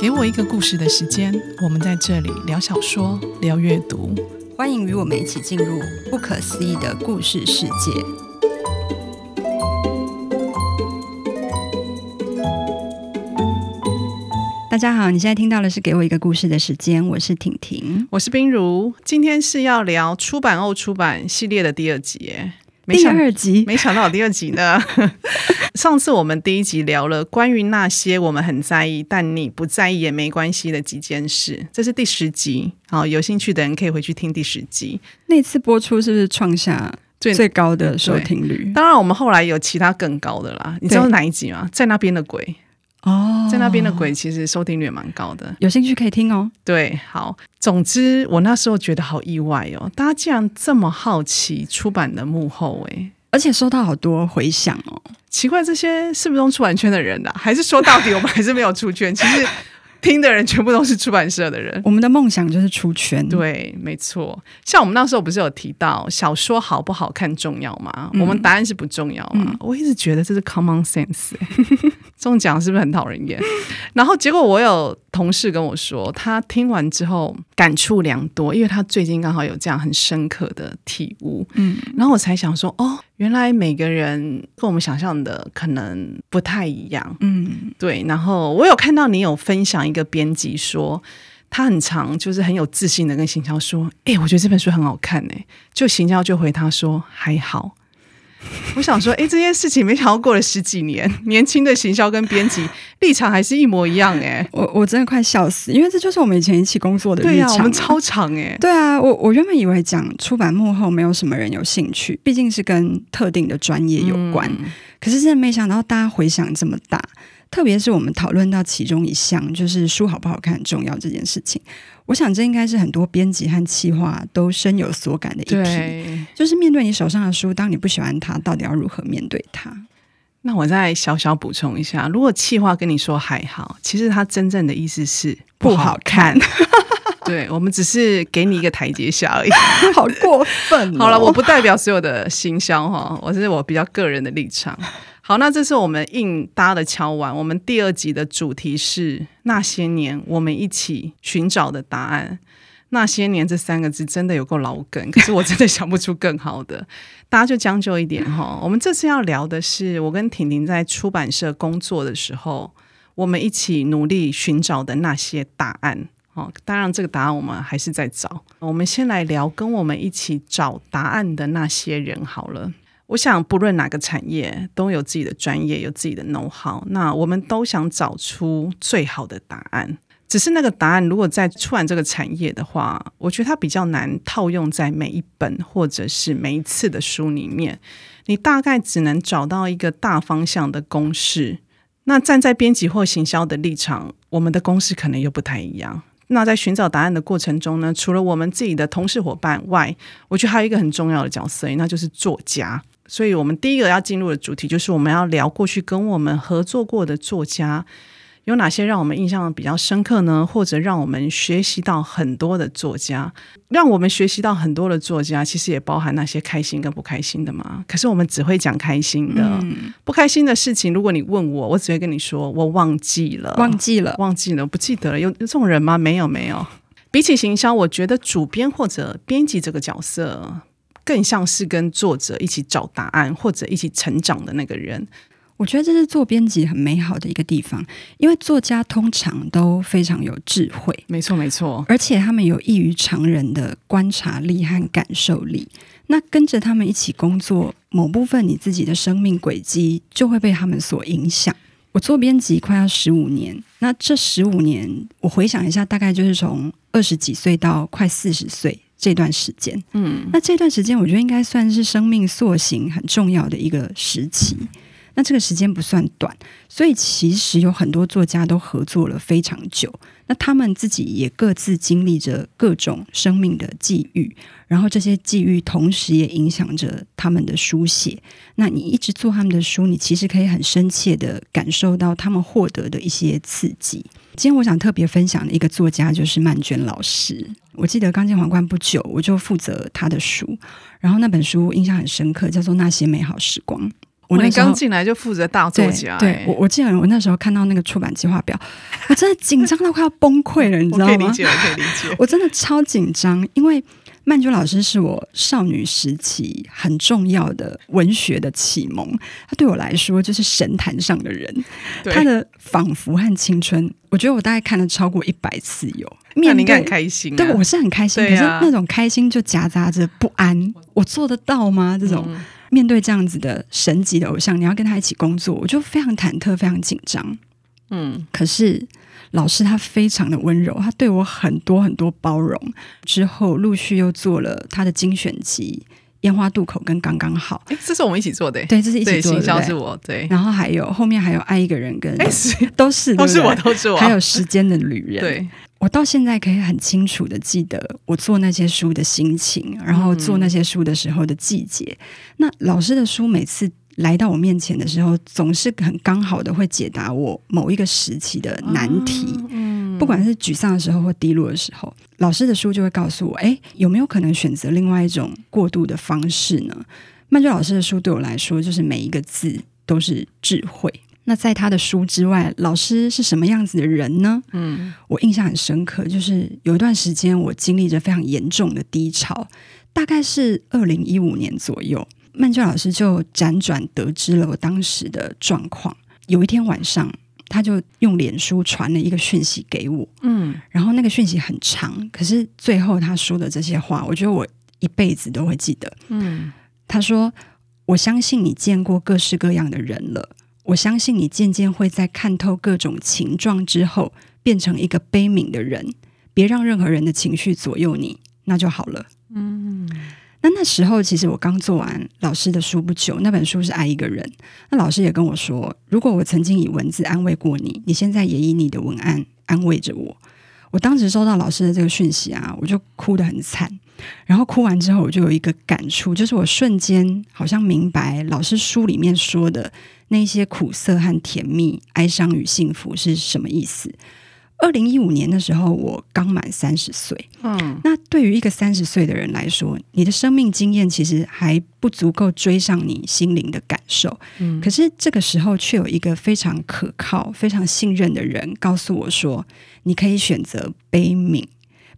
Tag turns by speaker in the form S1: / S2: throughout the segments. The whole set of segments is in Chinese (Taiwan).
S1: 給我一個故事的時間，我們在這裡聊小說、聊閱讀，歡迎與我們一起進入不可思議的故事世界。大家好，你現在聽到的是《給我一個故事的時間》，我是婷婷。
S2: 我是彬如。今天是要聊《出版？噢，出版》系列的第二集。第二集，沒想到第二集呢。 上次我們第一集聊了關於那些我們很在意，但你不在意也沒關係的幾件事，這是第十集。好、哦，有興趣的人可以回去聽第十集。那次播出是不是創下最最高的收聽率？嗯、當然，我們後來有其他更高的啦。你知道是哪一集嗎？對在那邊的鬼。
S1: 哦，oh, 在那邊的
S2: 鬼其實收聽率蠻高的，有興趣可以聽哦。對，好，總之我那時候覺得好意外哦，大家竟然這麼好奇出版的幕後，哎，而且收到好多回響哦，奇怪，這些是不是都出版圈的人的、啊？還是說到底我們還是沒有出圈？ 其實聽的人全部都是出版社的人，我們的夢想就是出圈。對，沒錯，像我們那時候不是有提到小說好不好看重要嗎？嗯、我們答案是不重要嗎？嗯、我一直覺得這是 common sense、欸。 中獎是不是很討人厭？然後結果我有同事跟我說，他聽完之後感觸良多，因為他最近剛好有這樣很深刻的體悟。嗯，然後我才想說，哦，原來每個人跟我們想象的可能不太一樣。嗯，對。然後我有看到你有分享一個編輯說，他很常，就是很有自信的跟行銷說：“哎、欸，我覺得這本書很好看。”誒，就行銷就回他說：“還好。” 我想說，哎，這件事情沒想到過了十幾年，年輕的行銷跟編輯立場還是一模一樣，哎，我
S1: 我真的快笑死，因為這就是我們以前一起工作的日常，我們超
S2: 長哎，對
S1: 啊，我 啊我，我原本以為講出版幕後沒有什麼人有興趣，畢竟是跟特定的專業有關，嗯、可是真的沒想到大家回響這麼大。特別是我們討論到其中一項，就是書好不好看很重要這件事情，我想這應該是很多編輯和企劃都深有所感的一題。對就是面對你手上的書，當你不喜歡它，到底要
S2: 如何面對它？那我再小小補充一下，如果企劃跟你說還好，其實它真正的意思是不好看。不好看 對，我們只是給你一個台階下而已， 好過分、哦。 好了，我不代表所有的行銷哈，我 是我比較個人的立場。好，那這是我們硬搭的敲碗。我們第二集的主題是那些年我們一起尋找的答案。那些年這三個字真的有夠老梗，可是我真的想不出更好的， 大家就將就一點哈、哦。我們這次要聊的是我跟婷婷在出版社工作的時候，我們一起努力尋找的那些答案。哦，當然這個答案我們還是在找。我們先來聊跟我們一起找答案的那些人好了。我想，不論哪個產業，都有自己的專業，有自己的 know-how。那我們都想找出最好的答案。只是那個答案，如果在出版這個產業的話，我覺得它比較難套用在每一本或者是每一次的書裡面。你大概只能找到一個大方向的公式。那站在編輯或行銷的立場，我們的公式可能又不太一樣。那在尋找答案的過程中呢，除了我們自己的同事伙伴外，我覺得還有一個很重要的角色，那就是作家。所以，我們第一個要進入的主題就是，我們要聊過去跟我們合作過的作家有哪些讓我們印象比較深刻呢？或者讓我們學習到很多的作家，讓我們學習到很多的作家，其實也包含那些開心跟不開心的嘛。可是我們只會講開心的，嗯、不開心的事情。如果你問我，我只會跟你說我忘記了，忘記了，忘記了，不記得了。有有這種人嗎？沒有，沒有。嗯、比起行銷，我覺得主編或者編輯這個角色。更像是跟作者一起找答案或者一起成長的那個人，我覺得這是做編輯很美好的一個地方，因為作
S1: 家通常都非常有智慧，沒錯沒錯，沒錯，而且他們有異於常人的觀察力和感受力。那跟着他們一起工作，某部分你自己的生命軌跡就會被他們所影響。我做編輯快要十五年，那這十五年我回想一下，大概就是從二十幾歲到快四十歲。這段時間，嗯，那這段時間我覺得應該算是生命塑形很重要的一個時期。那這個時間不算短，所以其實有很多作家都合作了非常久。那他們自己也各自經歷着各種生命的際遇，然後這些際遇同時也影響着他們的書寫。那你一直做他們的書，你其實可以很深切地感受到他們獲得的一些刺激。今天我想特別分享的一個作家就是曼娟老師。我記得剛進皇冠不久，我就負責他的書，然後那本書印象很深刻，叫做《那些美好時光》。我們剛進來
S2: 就負責大作家。對，對
S1: 我，我記得我那時候看到那個出版計劃表，我真的緊張到快要崩潰了， 你知道嗎？我可以理解，可以理
S2: 解，
S1: 我真的超緊張，因為。曼娟老師是我少女時期很重要的文學的啟蒙，他對我來說就是神壇上的人。對他的《仿佛和青春》，我覺得我大概看了超過一百次有面對。那你應該很開心。啊，對，我是很開心，啊，可是那種開心就夾雜着不安。我做得到嗎？這種、嗯、面對這樣子的神級的偶像，你要跟他一起工作，我就非常忐忑，非常緊張。嗯，可是。老師他非常的溫柔，他對我很多很多包容。之後陸續又做了他的精選集《煙花渡口》跟《剛剛好》，
S2: 欸，這是我們一起做的、欸。對，這是一起做的。行銷是我，對。然
S1: 後還有後面還有《愛一個人》跟、欸、都是都是我都是我，是我還有《時間的旅人》。對，我到現在可以很清楚的記得我做那些書的心情，然後做那些書的時候的季節。嗯、那老師的書每次。來到我面前的時候，總是很剛好的會解答我某一個時期的難題。哦，嗯，不管是沮喪的時候或低落的時候，老師的書就會告訴我，誒，有沒有可能選擇另外一種過渡的方式呢？曼娟老師的書對我來說，就是每一個字都是智慧。那在他的書之外，老師是什麼樣子的人呢？嗯，我印象很深刻，就是有一段時間我經歷着非常嚴重的低潮，大概是二零一五年左右。曼娟老師就輾轉得知了我當時的狀況。有一天晚上，他就用臉書傳了一個訊息給我，嗯，然後那個訊息很長，可是最後他說的這些話，我覺得我一輩子都會記得。嗯，他說：“我相信你見過各式各樣的人了，我相信你漸漸會在看透各種情狀之後，變成一個悲憫的人。別讓任何人的情緒左右你，那就好了。”那那時候，其實我剛做完老師的書不久，那本書是《愛一個人》。那老師也跟我說，如果我曾經以文字安慰過你，你現在也以你的文案安慰着我。我當時收到老師的這個訊息啊，我就哭得很慘。然後哭完之後，我就有一個感觸，就是我瞬間好像明白老師書裡面說的那些苦澀和甜蜜、哀傷與幸福是什麼意思。二零一五年的時候，我剛滿三十歲。嗯、哦，那對於一個三十歲的人來說，你的生命經驗其實還不足夠追上你心靈的感受。嗯，可是這個時候卻有一個非常可靠、非常信任的人告訴我說：“你可以選擇悲憫。”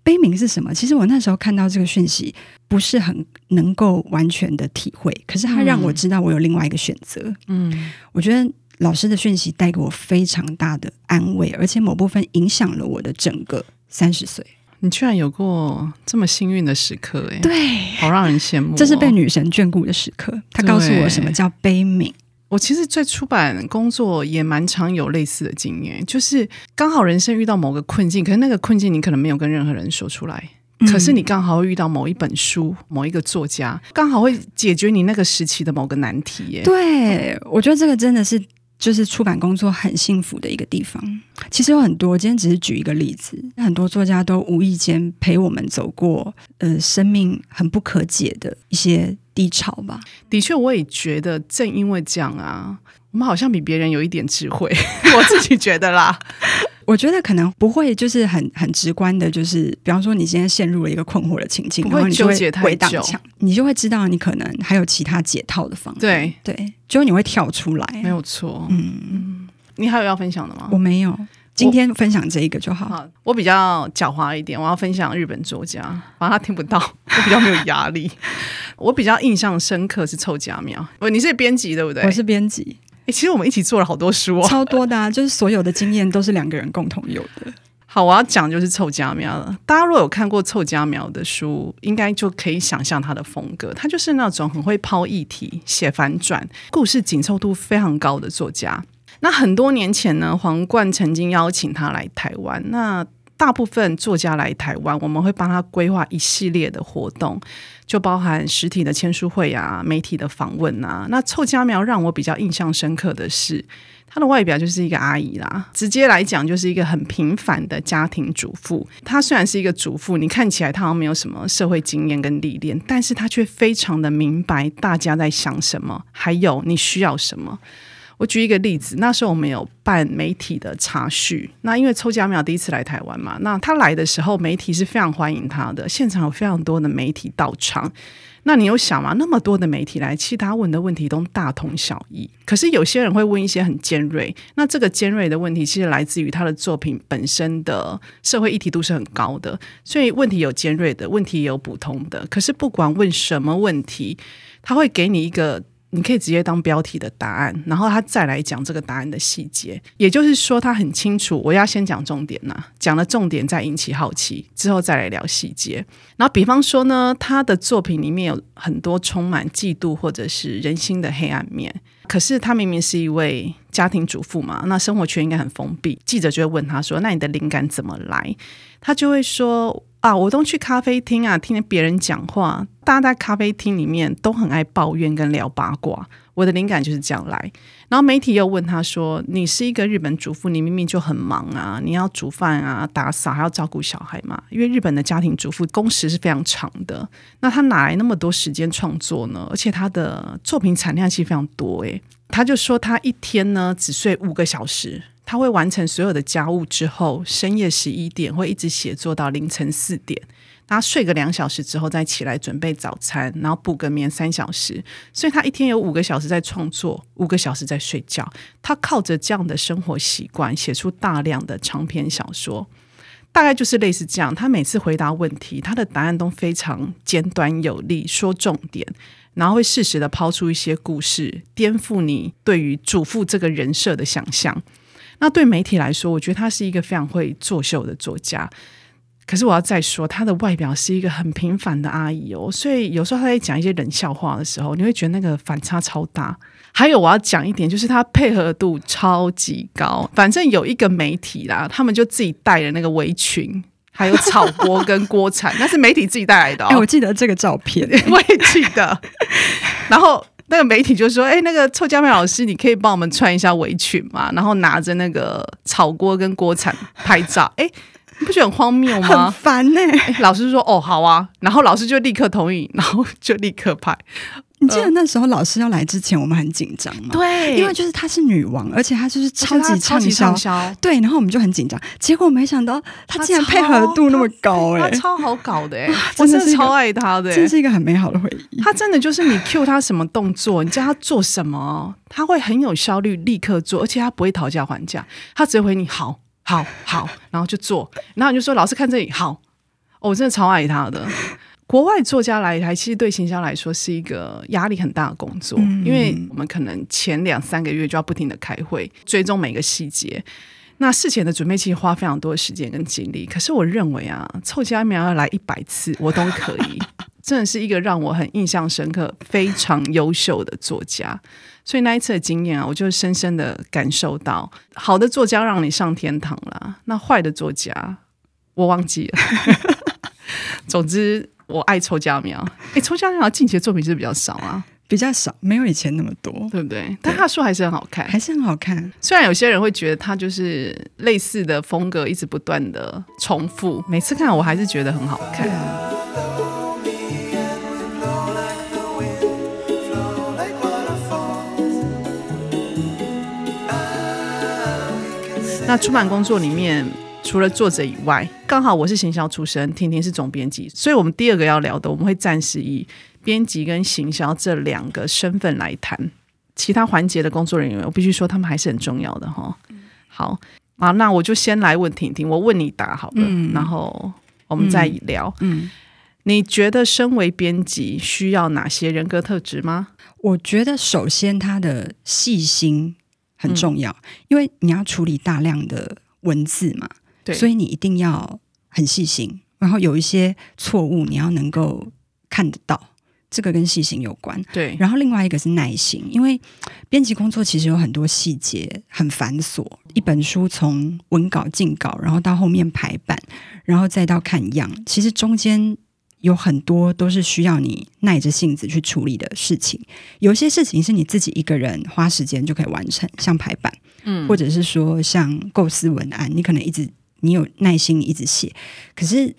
S1: 悲憫是什麼？其實我那時候看到這個訊息，不是很能夠完全的體會。可是他讓我知道，我有另外一個選擇。嗯，嗯我覺得。老師的訊息帶給我非常大的安慰，而且某部分影響了我的整個三十歲。你居然有過這麼幸運的
S2: 時刻，欸，哎，對，好讓人羨慕，喔。這是被女
S1: 神眷顧的時刻。她告訴我什麼叫
S2: 悲憫。我其實在出版工作也蠻常有類似的經驗，就是剛好人生遇到某個困境，可是那個困境你可能沒有跟任何人說出來，
S1: 嗯，可是你
S2: 剛好遇到某一本書、某一個作家，剛好會解決你那個時期的某個難題，欸。耶。對，
S1: 我覺得這個真的是。就是出版工作很幸福的一個地方，其實有很多。今天只是舉一個例子，很多作家都無意間陪我們走過，呃，
S2: 生命很不可解的一些低潮吧。的確，我也覺得，正因為這樣啊，我們好像比別人有一點智慧。 我自己覺得啦。
S1: 我覺得可能不會，就是很很直觀的，就是比方說你今天陷入了一個困惑的情境，就解然後你就會鬼打牆，對你就會知道你可能還有其他解套的方式。對對，就你會跳出來，啊，沒有錯。嗯，
S2: 你還有要分享的嗎？我沒有，今天
S1: 分享這一個就好，
S2: 好。我比較狡猾一點，我要分享日本作家，反正，他聽不到，我比較沒有壓力。 我比較印象深刻是湊佳苗，不，你是編輯對不對？我是編輯。欸，其實我們一起做了好多書哦，超多的啊。就是所有的經驗都是兩個人共同有的。 好，我要講就是湊佳苗了。大家如果有看過湊佳苗的書，應該就可以想象他的風格，他就是那種很會拋議題、寫反轉、故事緊湊度非常高的作家。那很多年前呢，皇冠曾經邀請他來台灣。那大部分作家來台灣，我們會幫他規劃一系列的活動，就包含實體的簽書會啊、媒體的訪問啊。那湊佳苗讓我比較印象深刻的是，她的外表就是一個阿姨啦，直接來講就是一個很平凡的家庭主婦。她雖然是一個主婦，你看起來她好像沒有什麼社會經驗跟歷練，但是她卻非常的明白大家在想什麼，還有你需要什麼。我舉一個例子，那時候我們有辦媒體的茶敘，那因為湊佳苗第一次來台灣嘛，那他來的時候，媒體是非常歡迎他的，現場有非常多的媒體到場。那你有想嗎？那麼多的媒體來，其他問的問題都大同小異，可是有些人會問一些很尖銳，那這個尖銳的問題其實來自於他的作品本身的社會議題度是很高的，所以問題有尖銳的問題也有普通的，可是不管問什麼問題，他會給你一個。你可以直接當標題的答案，然後他再來講這個答案的細節。也就是說，他很清楚，我要先講重點吶，講了重點再引起好奇，之後再來聊細節。然後，比方說呢，他的作品裡面有很多充滿嫉妒，或者是人心的黑暗面。可是他明明是一位家庭主婦嘛，那生活圈應該很封閉。記者就會問他說：“那你的靈感怎麼來？”他就會說。啊，我都去咖啡廳啊，聽了別人講話。大家在咖啡廳裡面都很愛抱怨跟聊八卦。我的靈感就是這樣來。然後媒體又問他說：“你是一個日本主婦，你明明就很忙啊，你要煮飯啊，打掃，還要照顧小孩嘛。因為日本的家庭主婦工時是非常長的，那他哪來那麼多時間創作呢？而且他的作品產量其實非常多、欸。誒。他就說他一天呢只睡五個小時。”他會完成所有的家務之後，深夜十一點會一直寫作到凌晨四點，他睡個兩小時之後再起來準備早餐，然後補個眠三小時。所以他一天有五個小時在創作，五個小時在睡覺。他靠着這樣的生活習慣，寫出大量的長篇小說。大概就是類似這樣。他每次回答問題，他的答案都非常簡短有力，說重點，然後會適時的拋出一些故事，顛覆你對於主婦這個人設的想象。那對媒體來說，我覺得他是一個非常會作秀的作家。可是我要再說，他的外表是一個很平凡的阿姨哦，所以有時候他在講一些冷笑話的時候，你會覺得那個反差超大。還有我要講一點，就是他配合度超級高。反正有一個媒體啦，他們就自己帶了那個圍裙，還有炒鍋跟鍋鏟， 那是媒體自己帶來的哦。欸，我記得這個
S1: 照片欸。 我也記得。
S2: 然後。那個媒體就說：“哎、欸，那個湊佳苗老師，你可以幫我們穿一下圍裙嗎，然後拿着那個炒鍋跟鍋鏟拍照。欸”哎，你不覺得很荒謬嗎？很煩嘞、欸欸。老師說：“哦，好啊。”然後老師就立刻同意，然後就立刻拍。
S1: 你記得那時候老師要來之前，我們很緊張嗎？對，因為就是她是女王，而且她就是超級暢銷，超級對。然後我們就很緊張，
S2: 結果沒想到她竟然配合度那麼高、欸，哎，超好搞的、欸，誒，我真的超愛她的、欸，真的是一個很美好的回憶。她真的就是你 cue 她什麼動作，你叫她做什麼，她會很有效率立刻做，而且她不會討價還價，她直接回你好好好，然後就做，然後你就說老師看這裡，好，我、oh, 真的超愛她的。國外作家來台，其實對行銷來說是一個壓力很大的工作，嗯、因為我們可能前兩三個月就要不停的開會，追蹤每個細節。那事前的準備其實花非常多的時間跟精力。可是我認為啊，湊佳苗要來一百次我都可以， 真的是一個讓我很印象深刻、非常優秀的作家。所以那一次的經驗啊，我就深深的感受到，好的作家讓你上天堂啦，那壞的作家我忘記了。 總之。我愛湊佳苗，哎、欸，湊佳苗近期的作品是比較少啊，比較少，沒有以前那麼多，對不對？但他的書還是很好看，還是很好看。雖然有些人會覺得他就是類似的風格，一直不斷的重複，每次看我還是覺得很好看。啊、那出版工作裡面。除了作者以外，剛好我是行銷出身，婷婷是總編輯，所以，我們第二個要聊的，我們會暫時以編輯跟行銷這兩個身份來談。其他環節的工作人員，我必須說，他們還是很重要的哈。嗯、好啊，那我就先來問婷婷，我問你答好了，好的、嗯，然後我們再聊。嗯，嗯，你覺得身為編輯需要哪些人格特質嗎？我覺得首先他的
S1: 細心很重要，嗯、因為你要處理大量的文字嘛。對所以你一定要很細心，然後有一些錯誤你要能夠看得到，這個跟細心有關。對，然後另外一個是耐心，因為編輯工作其實有很多細節很繁瑣。一本書從文稿進稿，然後到後面排版，然後再到看樣，其實中間有很多都是需要你耐着性子去處理的事情。有些事情是你自己一個人花時間就可以完成，像排版，嗯，或者是說像構思文案，你可能一直。你有耐心一直寫，可是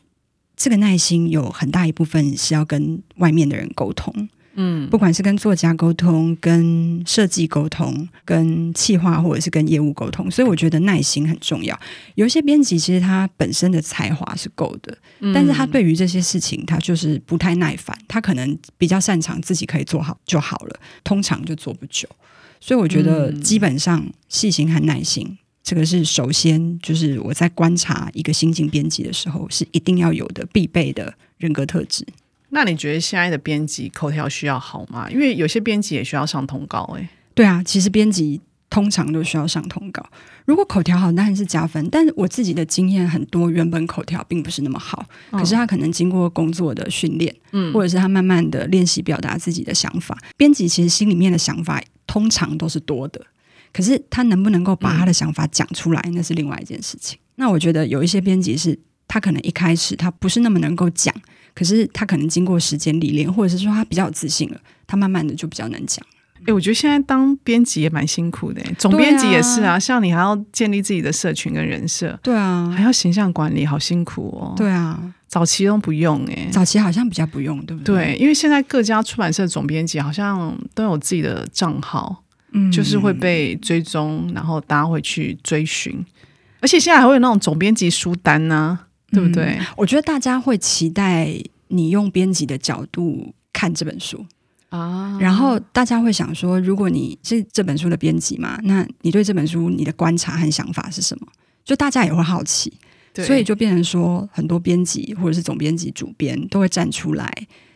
S1: 這個耐心有很大一部分是要跟外面的人溝通，嗯，不管是跟作家溝通、跟設計溝通、跟企劃或者是跟業務溝通，所以我覺得耐心很重要。有一些編輯其實他本身的才華是夠的，嗯，但是他對於這些事情他就是不太耐煩，他可能比較擅長自己可以做好就好了，通常就做不久。所以我覺得基本上細心和耐心。這個是首先，就是我在觀察一個新進編輯的時候，是一定要有的必備的人格特質。
S2: 那你覺得現在的編輯口條需要好嗎？因為有些編輯也需要上通告誒、欸，
S1: 對啊，其實編輯通常都需要上通告。如果口條好，當然是加分。但是我自己的經驗，很多原本口條並不是那麼好，可是他可能經過工作的訓練，嗯、或者是他慢慢的練習表達自己的想法。編輯其實心裡面的想法通常都是多的。可是他能不能夠把他的想法講出來，嗯、那是另外一件事情。那我覺得有一些編輯是，他可能一開始他不是那麼能夠講，可是他可能經過時間歷練，或者是說他比較有自信了，他慢慢的就比較能講。
S2: 誒、欸，我覺得現在當編輯也蠻辛苦的，總編輯也是啊，啊像你還要建立自己的社群跟人設，對啊，還要形象管理，好辛苦哦。對啊，早期都不用誒，早期好像比較不用，對不對？對，因為現在各家出版社的總編輯好像都有自己的賬號。就是會被追蹤，然後大家會去追尋，嗯、而且現在還會有那種總編輯書單呢、啊，嗯、對不對？我覺得大家會期待你用編
S1: 輯的角度看這本書
S2: 啊，然後
S1: 大家會想說，如果你是這本書的編輯嘛，那你對這本書你的觀察和想法是什麼？就大家也會好奇，對所以就變成說，很多編輯或者是總編輯、主編都會站出來，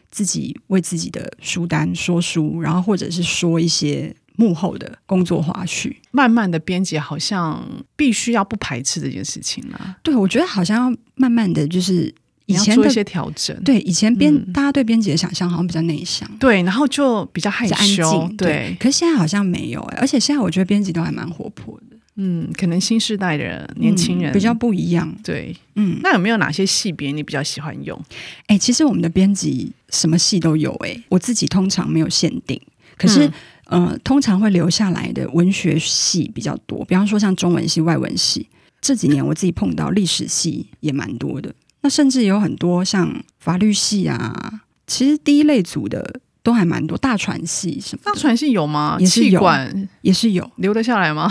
S1: 自己為自己的書單說書，然後或者是說一些。幕後的工作花絮，
S2: 慢慢的編輯好像必須要不排斥這件事情啦。
S1: 對，我覺得好像要慢慢的就是以前做一些調整。對，以前編、嗯、大家對編輯的想象好像比較內向，
S2: 對，然後就比較害羞。對，對，
S1: 可是現在好像沒有哎、欸，而且現在我覺得編輯都還蠻活潑的。
S2: 嗯，
S1: 可能新世代的年輕人、嗯、比較不一樣。
S2: 對，嗯，那有沒有哪些系別你比較喜歡用？
S1: 哎、欸，其實我們的編輯什麼系都有哎、欸，我自己通常沒有限定，可是，嗯嗯、呃，通常會留下來的文學系比較多，比方說像中文系、外文系。這幾年我自己碰到歷史系也蠻多的，那甚至有很多像法律系啊。其實第一類組的都還蠻多，大傳系什麼？大傳系有嗎？企管也是有，也是有留得下來嗎？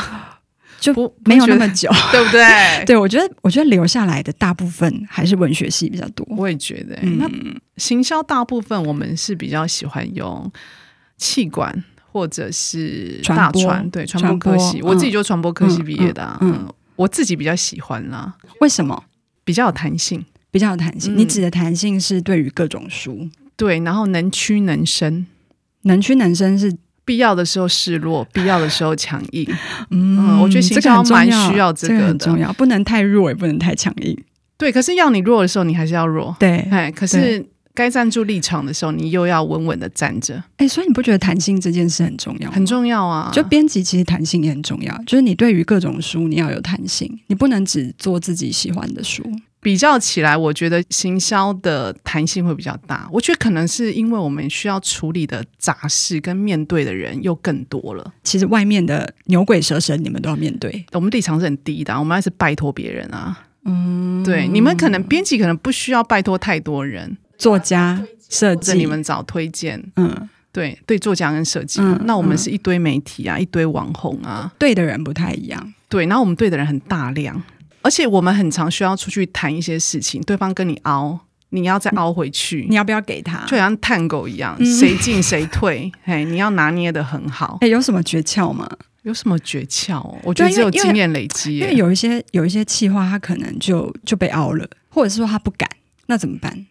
S1: 就不沒有那麼久，不不對不對。 對我覺
S2: 得，我覺得留下來的大部分還是文學系比較多。我也覺得、欸嗯，那行銷大部分我們是比較喜歡用企管。或者是大傳，對傳播科系，我自己就是傳播科系畢業的。嗯，我自己比較喜歡啦。
S1: 為什麼？比較有彈性，比較有彈性。你指的彈性是對於各種書？
S2: 對，然後能屈能伸。能屈能伸是必要的時候示弱，必要的時候強硬。嗯，我覺得這個蠻需要，這個很重要，不能太弱，也不能太強硬。對，可是要你弱的時候，你還是要弱。對。哎，可是。該站住立場的時候，你又要穩穩的站着。欸，所以你不覺得彈性這件事很重要？很重要啊！
S1: 就編輯其實彈性也很重要，就是你對於各種書，你要有彈性，你不能只做自
S2: 己喜歡的書。比較起來，我覺得行銷的彈性會比較大。我覺得可能是因為我們需要處理的雜事跟面對的人又更多了。其實外面的牛鬼蛇神你們都要面對。嗯，我們立場是很低的啊，我們還是拜托別人啊。嗯，對，你們可能編輯可能不需要拜托太多人。作家、設計，你們找推薦，嗯，對，對，作家跟設計，那我們是一堆媒體啊，一堆網紅啊，對的人不太一樣，對，然後我們對的人很大量，而且我們很常需要出去談一些事情，對方跟你凹，你要再凹回去，你要不要給他？就好像探戈一樣，誰進誰退，哎，你要拿捏得很好。哎，有什麼訣竅嗎？
S1: 有什麼訣竅？我覺得只有經驗累積，因為有一些有一些企劃，他可
S2: 能就就被凹了，或者是說他不敢，那怎麼辦？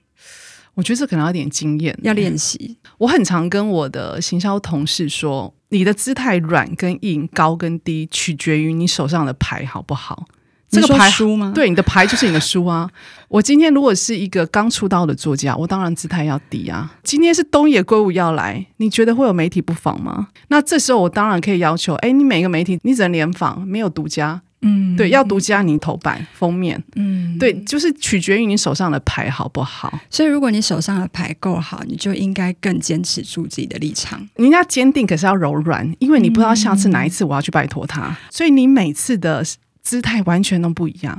S2: 我覺得這可能有點經驗，要練習。我很常跟我的行銷同事說，你的姿態軟跟硬、高跟低，取決於你手上的牌好不好。
S1: 你說 這個牌書
S2: 嗎？對，你的牌就是你的書啊。 我今天如果是一個剛出道的作家，我當然姿態要低啊。今天是東野圭吾要來，你覺得會有媒體不訪嗎？那這時候我當然可以要求，哎，你每一個媒體，你只能聯訪，沒有獨家。嗯，對，要獨家你頭版封面，嗯，對，就是取決於你手上的牌好不好。
S1: 所以如果你手上的牌夠
S2: 好，你就應該更堅持住自己的立場。你要堅定，可是要柔軟，因為你不知道下次哪一次我要去拜托他，嗯，所以你每次的姿態完全都不一樣。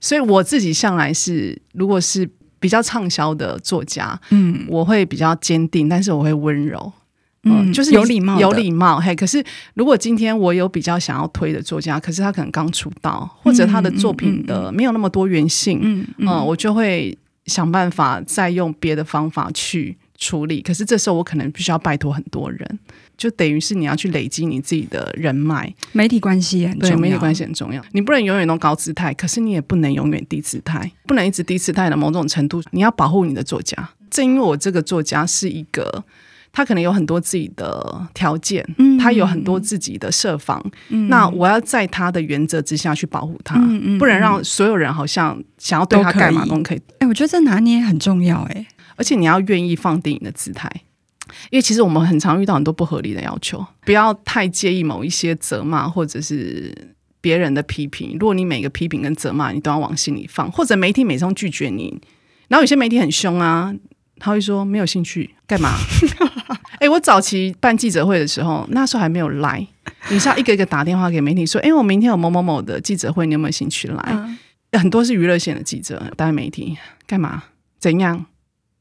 S2: 所以我自己向來是，如果是比較暢銷的作家，嗯，我會比較堅定，但是我會溫柔。嗯，嗯，就是有禮貌，有禮貌。嘿，可是如果今天我有比較想要推的作家，可是他可能剛出道，或者他的作品的沒有那麼多元性，嗯嗯，嗯、呃，我就會想辦法再用別的方法去處理。可是這時候我可能必須要拜託很多人，就等於是你要去累積你自己的人脈，
S1: 媒體關係，很重要。對，媒體關係
S2: 很重要。你不能永遠都高姿態，可是你也不能永遠低姿態，不能一直低姿態的。某種程度，你要保護你的作家。正因為我這個作家是一個。他可能有很多自己的條件，嗯，他有很多自己的設防，嗯、那我要在他的原則之下去保護他，嗯，不然讓所有人好像想要對他幹嘛都可以，
S1: 哎，我覺得這拿捏很重要。欸，哎，
S2: 而且你要願意放低你的姿態，因為其實我們很常遇到很多不合理的要求，不要太介意某一些責罵或者是別人的批評，如果你每個批評跟責罵你都要往心裡放，或者媒體每次都拒絕你，然後有些媒體很凶啊，他會說沒有興趣幹嘛？ 哎，我早期辦記者會的時候，那時候還沒有 LINE，你像一個一個打電話給媒體說，哎，我明天有某某某的記者會，你有沒有興趣來？嗯、很多是娛樂線的記者，當然媒體幹嘛？怎樣？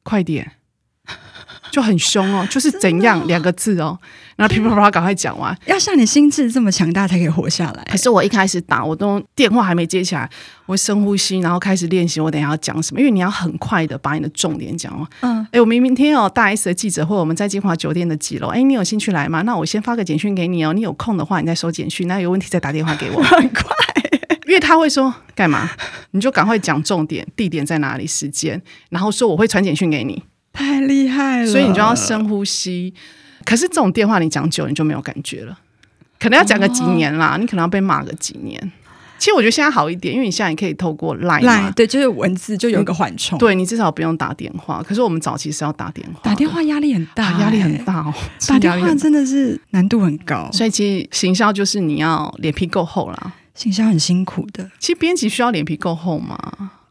S2: 快點！就很凶哦，就是“怎樣”哦、兩個字哦。那噼噼啪啪，批批批趕快講完。要像你心智這麼強大才可以活下來。可是我一開始打，我都電話還沒接起來，我深呼吸，然後開始練習。我等下要講什麼？因為你要很快的把你的重點講完。嗯，哎，我們明天有、哦、大 S 的記者會，我們在金華酒店的幾樓？誒，你有興趣來嗎？那我先發個簡訊給你哦。你有空的話，你再收簡訊。那有問題再打電話給我。我很快，因為他會說幹嘛？你就趕快講重點，地點在哪裡，時間，然後說我會傳簡訊給你。太厲害了。所以你就要深呼吸。可是這種電話你講久你就沒有感覺了，可能要講個幾年啦，oh. 你可能要被罵個幾年。其實我覺得現在好一點，因為你現在也可以透過 line 嘛。Line，對，就是文字就有一個緩衝、嗯，對，你至少不用打電話。可是我們早期是要打電話，打電話壓力很大，壓力很大，啊，壓力很大喔，打電話真的是難度很高。所以其實行銷就是你要臉皮夠厚啦，
S1: 行銷很辛苦的。
S2: 其實編輯需要臉皮夠
S1: 厚嗎？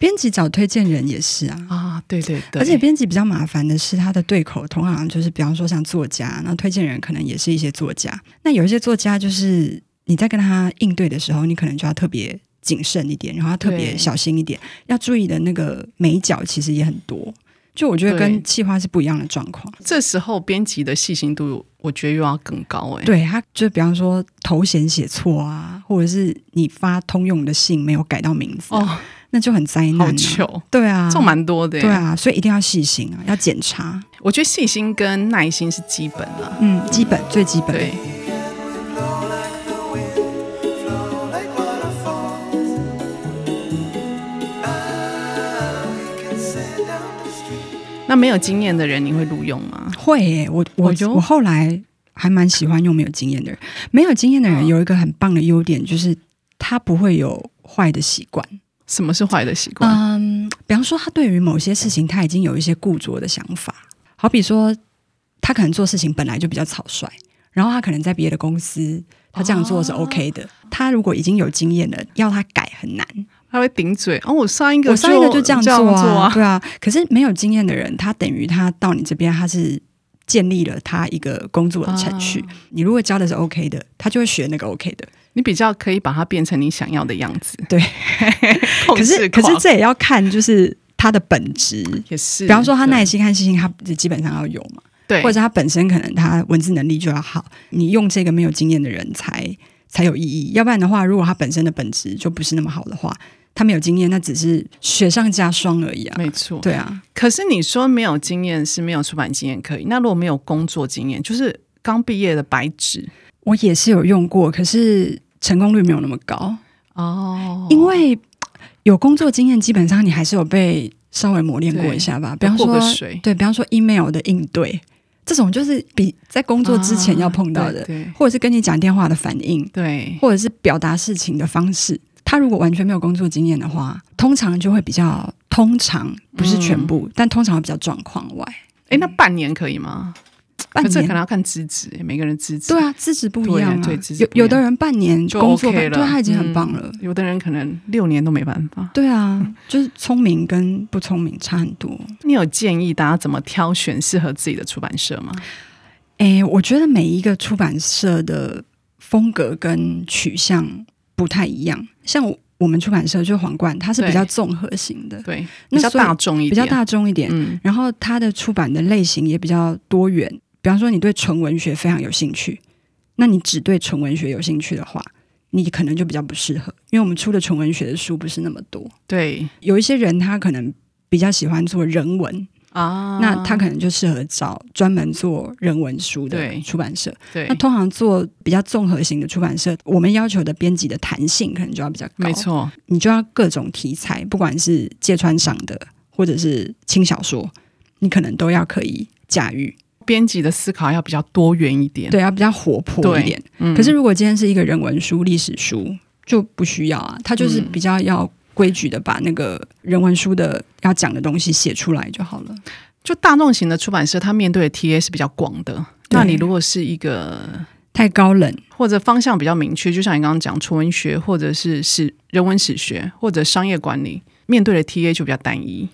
S1: 編輯找推薦人也是啊，啊，對對對，而且編輯比較麻煩的是他的對口同行，就是比方說像作家，那推薦人可能也是一些作家。那有一些作家，就是你在跟他應對的時候，你可能就要特別謹慎一點，然後他特別小心一點，對要注意的那個眉角其實也很多。就我覺得跟企劃是不一樣
S2: 的狀況，這時候編輯的細心度，我覺得又要更高哎、欸。對
S1: 他，就比方說頭銜寫錯啊，或者是你發通用的信沒有改到名字、啊、哦。那就很災難、啊，好糗，對啊，這種蠻多的，對啊，所以一定要細心啊，要檢查。
S2: 我覺得細心跟耐心是基本的、啊，嗯，基本、嗯、最基本對。那沒有經驗的人，你會錄用嗎？
S1: 會，嗎會、欸、我我，我就我後來還蠻喜歡用沒有經驗的人。沒有經驗的人有一個很棒的優點，嗯、就是他不會有壞的習慣。什麼是壞的習慣？嗯，比方說，他對於某些事情，他已經有一些固着的想法。好比說，他可能做事情本來就比較草率，然後他可能在別的公司，他這樣做是 OK 的。啊、他如果已經有經驗了，要他改很難，
S2: 他會頂嘴。哦，我上一個，我上一個就這樣做啊，做啊，對啊。
S1: 可是沒有經驗的人，他等於他到你這邊，他是建立了他一個工作的程序。啊、你如果教的是 OK 的，他
S2: 就會學那個 OK 的。你比較可以把它變成你想要的樣子，對。
S1: 況可是可是這也要看，就是他的本質
S2: 也是。比方說
S1: 他耐心和細心，他基本上要有嘛，對。或者他本身可能他文字能力就要好，你用這個沒有經驗的人才才有意義。要不然的話，如果他本身的本質就不是那麼好的話，他沒有經驗，那只是雪上加霜而已啊。沒錯錯，對啊。
S2: 可是你說沒有經驗是沒有出版經驗可以，那如果沒有工作經驗，就是剛畢業的白紙。我也是有用過，可是成功率沒有那麼高
S1: 哦。Oh, 因為有工作經驗，基本上你還是有被稍微磨練過一下吧。對比方說，水對，比方說 email 的應對，這種就是比在工作之前要碰到的，uh, 對對或者是跟你講電話的反應，對，或者是表達事情的方式。他如果完全沒有工作經驗的話，通常就會比較通常不是全部，嗯、但通常會比較狀況外。
S2: 嗯、誒，那半年可以嗎？這可，可能要看資質，每個人資質對啊，資質不一樣啊，樣有有的人半年
S1: 工作半就 OK 了，對他已經很棒了、嗯。
S2: 有的人可能六年都沒辦法。對啊，嗯、就是聰明跟不聰明差很多。你有建議大家怎麼挑選適合自己的出版社嗎？
S1: 哎、欸，我覺得每一個出版社的風格跟取向不太一樣。像我們出版社就是皇冠，它是比較綜合型的對，
S2: 對，比較大眾一點，比較大
S1: 眾一點。嗯、然後它的出版的類型也比較多元。比方說，你對純文學非常有興趣，那你只對純文學有興趣的話，你可能就比較不適合，因為我們出的純文學的書不是那麼多。對，有一些人他可能比較喜歡做人文
S2: 啊，那他可能
S1: 就適合找專門做人文書的出版社。對，對，那通常做比較綜合型的出版社，我們要求的編輯的彈性可能就要比較高。沒錯，你就要各種題材，不管是芥川賞的或者是輕小說，你可能都要可以駕馭。
S2: 編輯的思考要比較多元一點，對，要比
S1: 較活潑一點。嗯，可是如果今天是一個人文書、歷史書，就不需要啊，他就是比較要規矩的把
S2: 那個人文書的要講的東西寫出來就好了。就大眾型的出版社，他面對的 TA 是比較廣的。對那你如果是一個太高冷或者方向比較明確，就像你剛剛講純文學，或者是史人文史學或者商業管理，面對的 TA 就比較單一。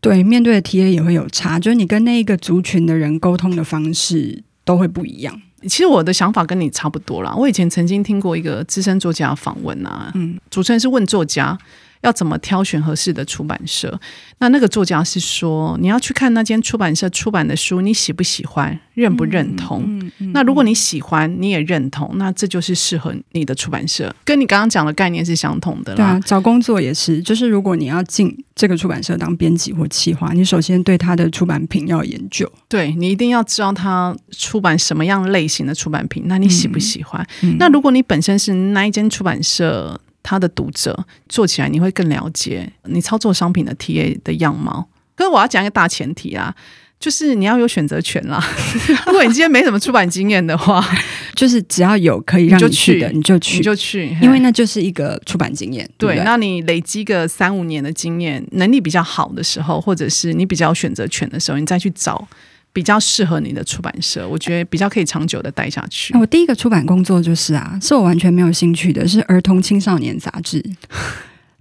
S1: 對，面對的 TA 也會有差，就是你跟那一個族群的人溝通的方式都會不
S2: 一樣。其實我的想法跟你差不多啦。我以前曾經聽過一個資深作家訪問啊，嗯，主持人是問作家。要怎麼挑選合適的出版社？那那個作家是說，你要去看那間出版社出版的書，你喜不喜歡，認不認同？嗯嗯嗯、那如果你喜歡，你也認同，那這就是適合你的出版社，跟你剛剛講的概念是相同的啦。對、啊、
S1: 找工作也是，就是如果你要進這個出版社當編輯或企劃，你首先對它的出版品要研究。
S2: 對，你一定要知道它出版什麼樣類型的出版品，那你喜不喜歡？嗯嗯、那如果你本身是那一間出版社。他的讀者做起來，你會更了解你操作商品的 TA 的樣貌。可是我要講一個大前提啊，就是你要有選擇權啦。 如果你今天沒什麼出版經驗的話， 就是只要有可以讓你去的，你就去，你就去，因為那就是一個出版經驗。對，對對對，那你累積個三五年的經驗，能力比較好的時候，或者是你比較有選擇權的時候，你再去找比較適合你的出版社，我覺得比較可以長久的待下去，
S1: 啊。我第一個出版工作就是啊，是我完全沒有興趣的，是兒童青少年雜誌，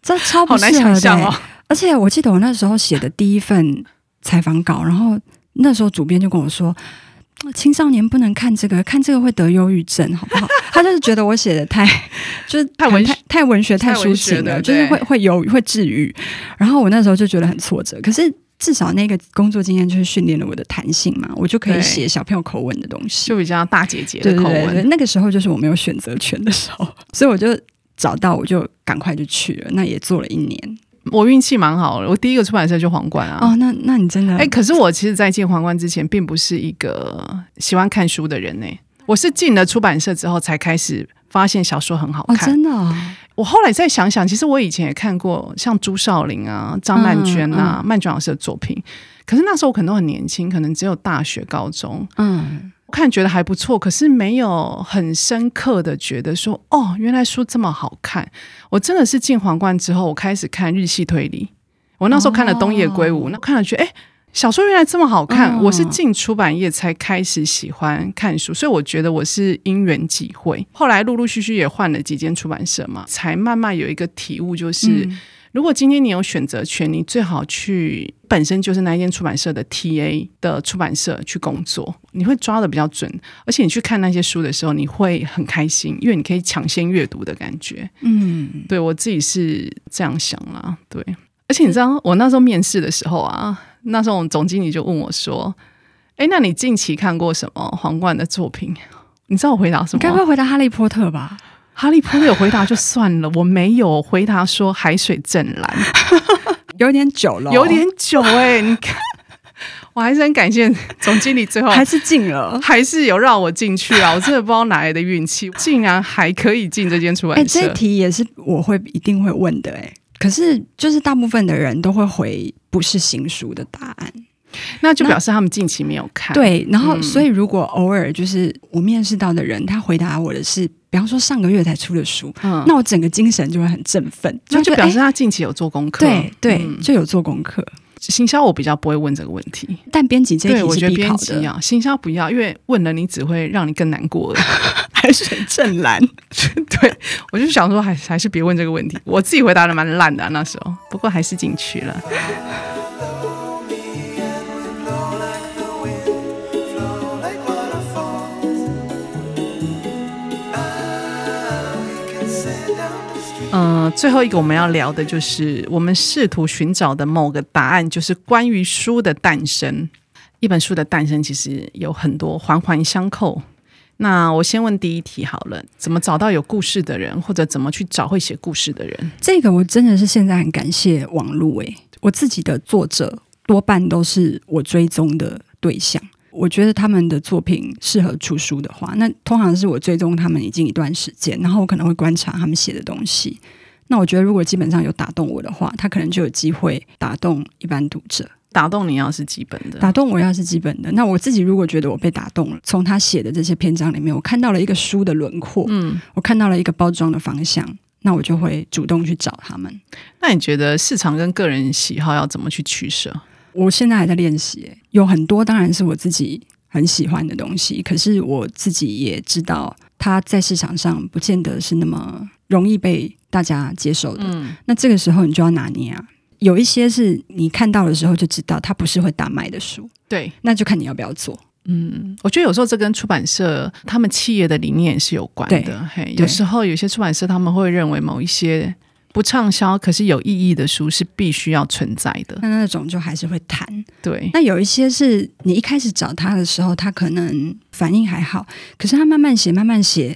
S1: 這超不適合的，欸。好難想像哦，而且我記得我那時候寫的第一份採訪稿，然後那時候主編就跟我說：“青少年不能看這個，看這個會得憂鬱症，好不好？”他就是覺得我寫的太 就是太文太太文學太抒情了，就是會會憂鬱、會治癒。然後我那時候就覺得很挫折，可是。至少那個工作經驗就是訓練了我的彈性嘛，我就可以寫小朋友口吻的東
S2: 西，就比較大姐姐的口吻。
S1: 那個時候就是我沒有選
S2: 擇權的時候， 所以我就找到，我就趕快就去了，那也做了一年。我運氣蠻好的，我第一個出版社就皇冠啊。哦，
S1: 那那你真的哎、欸，可
S2: 是我其實，在進皇冠之前，並不是一個喜歡看書的人呢、欸。我是進了出版社之後，才開始發現小說很好看，哦、真的、哦。我後來再想想，其實我以前也看過像朱少林啊、張曼娟啊、嗯、曼娟老師的作品，嗯、可是那時候我可能都很年輕，可能只有大學、高中，嗯，我看覺得還不錯，可是沒有很深刻的覺得說，哦，原來書這麼好看。我真的是進皇冠之後，我開始看日系推理，我那時候看了東野圭吾，哦、那看了覺得哎。欸小說原來這麼好看！我是進出版業才開始喜歡看書，哦、所以我覺得我是因緣際會。後來陸陸續續也換了幾間出版社嘛，才慢慢有一個體悟，就是、嗯、如果今天你有選擇權，你最好去本身就是那一間出版社的 TA 的出版社去工作，你會抓的比較準。而且你去看那些書的時候，你會很開心，因為你可以搶先閱讀的感覺。嗯，對我自己是這樣想啊。對，而且你知道，嗯、我那時候面試的時候啊。那時候，總經理就問我說：“哎、欸，那你近期看過什麼皇冠的作品？你知道我回答什麼？該不會
S1: 回答《哈利波特》
S2: 吧？《哈利波特》有回答就算了， 我沒有回答說海水正藍，
S1: 有點久了，有點
S2: 久哎、欸！你看，我還是很感謝總經理最後還是進了，還是有讓我進去啊！我真的不知道哪來的運氣，竟然還可以進這間出版社。欸、這一題
S1: 也是我會一定會問的哎、欸。”可是，就是大部分的人都會回不是新書的答案，那就表示他
S2: 們近期沒有看。對，然後、嗯、所
S1: 以如果偶爾就是我面試到的人，他回答我的是，比方說上個月才出的書，嗯、那我整個精神就會很振奮，那就表示他近期有做功課。對、哎、
S2: 對，對嗯、就有做功課。行銷我比較不會問這個問題，但編輯這一題是對，我覺得編輯啊，行銷不要，因為問了你只會讓你更難過了， 還是很正藍？ 對我就是想說，還還是別問這個問題。我自己回答的蠻爛的，啊、那時候，不過還是進去了。 嗯，最後一個我們要聊的就是我們試圖尋找的某個答案，就是關於書的誕生。一本書的誕生其實有很多環環相扣。那我先問第一題好了：怎麼找到有故事的人，或者怎麼去找會寫故事的人？這個我真的是現在很感謝
S1: 網路欸，我自己的作者多半都是我追蹤的對象。我覺得他們的作品適合出書的話，那通常是我追蹤他們已經一段時間，然後我可能會觀察他們寫的東西。那我覺得如果基本上有打動我的話，他可能就有機會打動一般讀者。
S2: 打動你要是基本的，打動
S1: 我要是基本的。那我自己如果覺得我被打動了，從他寫的這些篇章裡面，我看到了一個書的輪廓，嗯，我看到了一個包裝的方向，那我就會主動去找他們。
S2: 那你覺得市場跟個人喜好要怎麼去取捨？
S1: 我現在還在練習，有很多當然是我自己很喜歡的東西，可是我自己也知道它在市場上不見得是那麼容易被大家接受的。嗯，那這個時候你就要拿捏啊，有一些是你看到的時候就知道它不是會大賣的書，
S2: 對，那就看你要不要做。嗯，我覺得有時候這跟出版社他們企業的理念是有關的。對，對 hey, 有時候有些出版社他們會認為某一些。不暢銷，可是有意義的書是必須要存在的。那那種就還是會談。對，
S1: 那有一些是你一開始找他的時候，他可能反應還好，可是他慢慢寫，慢慢寫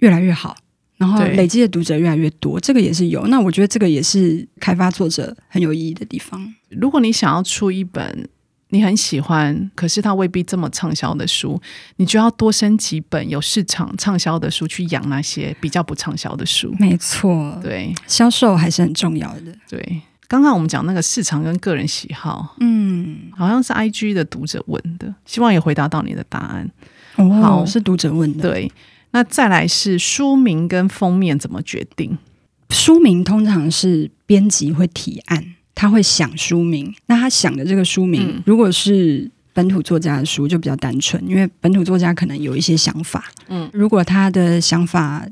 S1: 越來越好，然後累積的讀者越來越多，對這個也是有。那我覺得這個也是開發作者很有意義的地方。
S2: 如果你想要出一本。你很喜歡，可是它未必這麼暢銷的書，你就要多升幾本有市場暢銷的書去養那些比較不暢銷的書。沒錯，對，銷售還是很重要的。對，剛剛我們講那個市場跟個人喜好，嗯，好像是 IG 的讀者問的，希望有回答到你的答案。哦、好，是讀者問的。對，那再來是書名跟封面怎麼決定？
S1: 書名通常是編輯會提案。他會想書名，那他想的這個書名，嗯、如果是本土作家的書，就比較單純，因為本土作家可能有一些想法。嗯，如果他的想法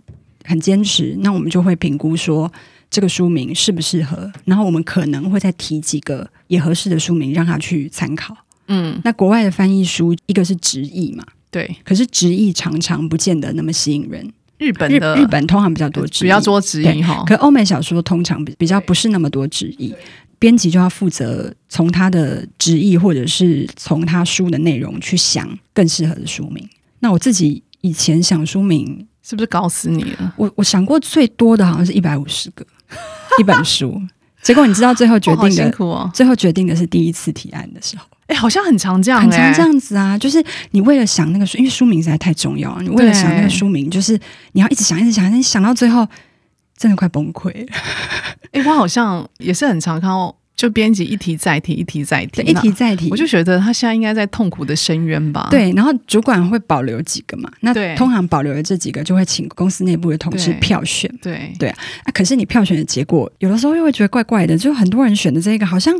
S1: 很堅持，那我們就會評估說這個書名適不適合，然後我們可能會再提幾個也合適的書名讓他去參考。嗯，那國外的翻譯書，一個是直譯嘛，對，可是直譯常常不見得那麼吸引人。
S2: 日本的日，日
S1: 本通常比較多直譯，比較多直譯對可歐美小說通常比比較不是那麼多直譯。編輯就要負責從他的旨意，或者是從他書的內容去想更適合的書名。那我自己以前想書名，是不是搞死你了？我我想過最多的好像是一百五十個 一本書，結果你知道最後決定的，哦、最後決定的是第一次提案的時候。哎、欸，
S2: 好像很常這樣、欸，很常這樣
S1: 子啊！就是你為了想那個書，因為書名實在太重要、啊，你為了想那個書名，對就是你要一直想，一直想，但你想到最後，真的快崩潰！
S2: 哎，我好像也是很常看哦，就編輯一提再提，一提再提，一提再提，我就覺得他現在應該在痛苦的
S1: 深淵吧。對，然後主管會保留幾個嘛？那通常保留的這幾個就會請公司內部的同事票選。對對，對啊，啊，可是你票選的結果，有的時候又會覺得怪怪的，就很多人選的這個好像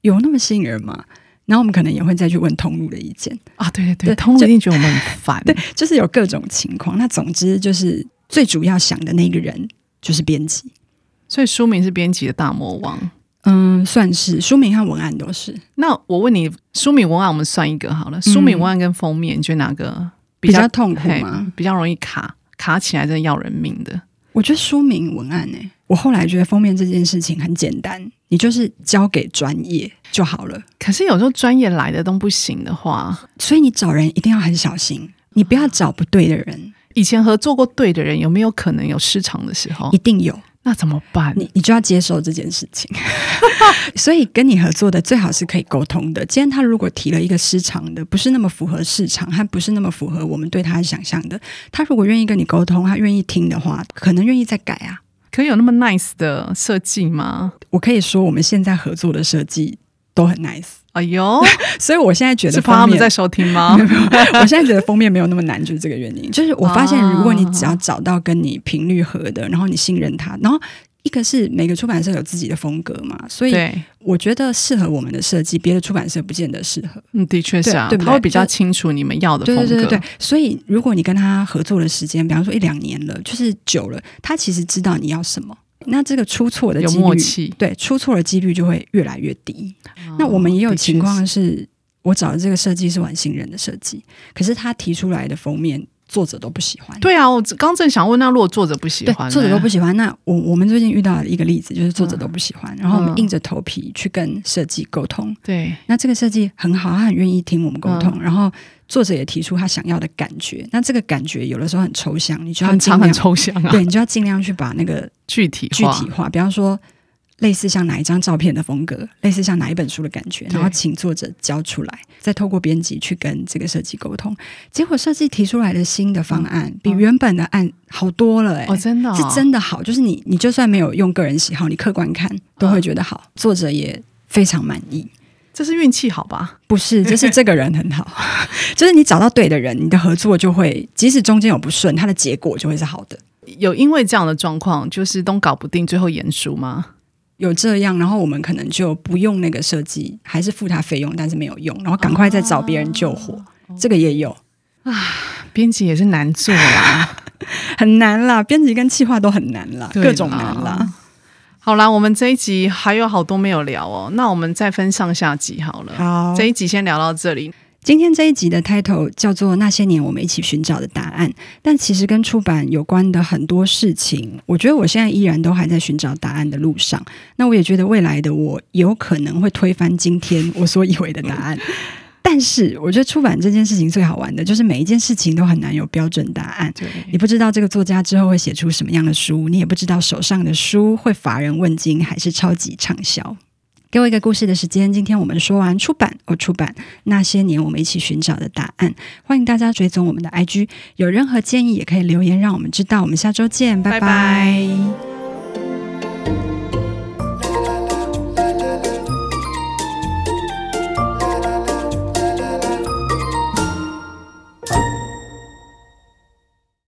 S1: 有那麼吸引人嘛？然後我們可能也會再去問通路的意見
S2: 啊。對對對，對通路一
S1: 定覺得我們很煩。對，就是有各種情況。那總之就是最主要想的那個人，就是編輯，所以書名是編輯的大魔王。嗯，算是書名和文案都是。
S2: 那我問你，書名文案我們算一個好了。嗯、書名文案跟封面，你覺得哪個比較，比較痛苦嗎？比較容易卡，卡起來，真的要人命的。我
S1: 覺得書名文案哎、欸，我後來覺得封面這件事情很簡單，你
S2: 就是交給專業就好了。可是有時候專業來的都不行的話，所以你找人一定要很小心，你不要找不對的人。啊以前合作過對的人有沒
S1: 有可能有失常的時候？一定有。那怎麼辦？你你就要接受這件事情。 所以跟你合作的最好是可以溝通的。既然他如果提了一個失常的，不是那麼符合市場，他不是那麼符合我們對他的想象的，他如果願意跟你溝通，他願意聽的話，可能願意再改啊。
S2: 可以有那麼 nice 的設計嗎？我可以說我
S1: 們現在合作的設計都很 nice。哎呦，
S2: 所以我現在覺得面，是怕他們在收聽嗎？ 我現
S1: 在覺得封面沒有那麼難，就是這個原因。就是我發現，如果你只要找到跟你頻率合的，然後你信任他，然後一個是每個出版社有自己的風格嘛，所以我覺得適合我們的設計，別的出版社不見得適合。對對嗯，的確是，啊，對他會比較清
S2: 楚你們要的風格。對，對對對，
S1: 所以如果你跟他合作的時間，比方說一兩年了，就是久了，他其實知道你要什麼。那這個出錯的幾率，對，出錯的幾率就會越來越低。哦，那我們也有情況是，對我找的這個設計是玩新人的設計，可是他提出來的封面。作者都不喜歡。
S2: 對啊，我剛正想問，那如果作者不喜歡呢，作者都不喜
S1: 歡，那我我們最近遇到一個例子，就是作者都不喜歡，嗯、然後我們硬着頭皮去跟設計溝通。嗯、對，那這個設計很好，他很願意聽我們溝通，嗯、然後作者也提出他想要的感覺，那這個感覺有的時候很抽象，你就要盡量很常很抽象，啊，對，你就要盡量去把那個具體化具體化，比方說。類似像哪一張照片的風格，類似像哪一本書的感覺，對然後請作者交出來，再透過編輯去跟這個設計溝通。結果設計提出來的新的方案比原本的案好多了。欸，哦，真的。哦、是真的好，就是你你就算沒有用個人喜好，你客觀看都會覺得好，哦、作者也非常滿意。這是運氣好吧？不是，就是這個人很好， 就是你找到對的人，你的合作就會，即使中間有不順，它的結果就會是好的。有因為這樣的狀況，就
S2: 是都搞不定，最後延書嗎？
S1: 有這樣，然後我們可能就不用那個設計，還是付他費用，但是沒有用，然後趕快再找別人救火，啊、
S2: 這個也有啊。編輯也是難做啦， 很難啦，編輯跟企劃都很難啦，對了，各種難啦。好了，我們這一集還有好多沒有聊哦，那我們再分上下集好了。好，這一集先聊到這裡。今天這一
S1: 集的 title 叫做《那些年，我們一起尋找的答案》，但其實跟出版有關的很多事情，我覺得我現在依然都還在尋找答案的路上。那我也覺得未來的我有可能會推翻今天我所以為的答案。 但是我覺得出版這件事情最好玩的就是每一件事情都很難有標準答案，對你不知道這個作家之後會寫出什麼樣的書，你也不知道手上的書會乏人問津還是超級暢銷。給我一個故事的時間。今天我們說完出版，噢、哦、出版那些年，我們一起尋找的答案。歡迎大家追蹤我們的 IG，有任何建議也可以留言讓我們知道。我們下周見，拜拜。拜拜。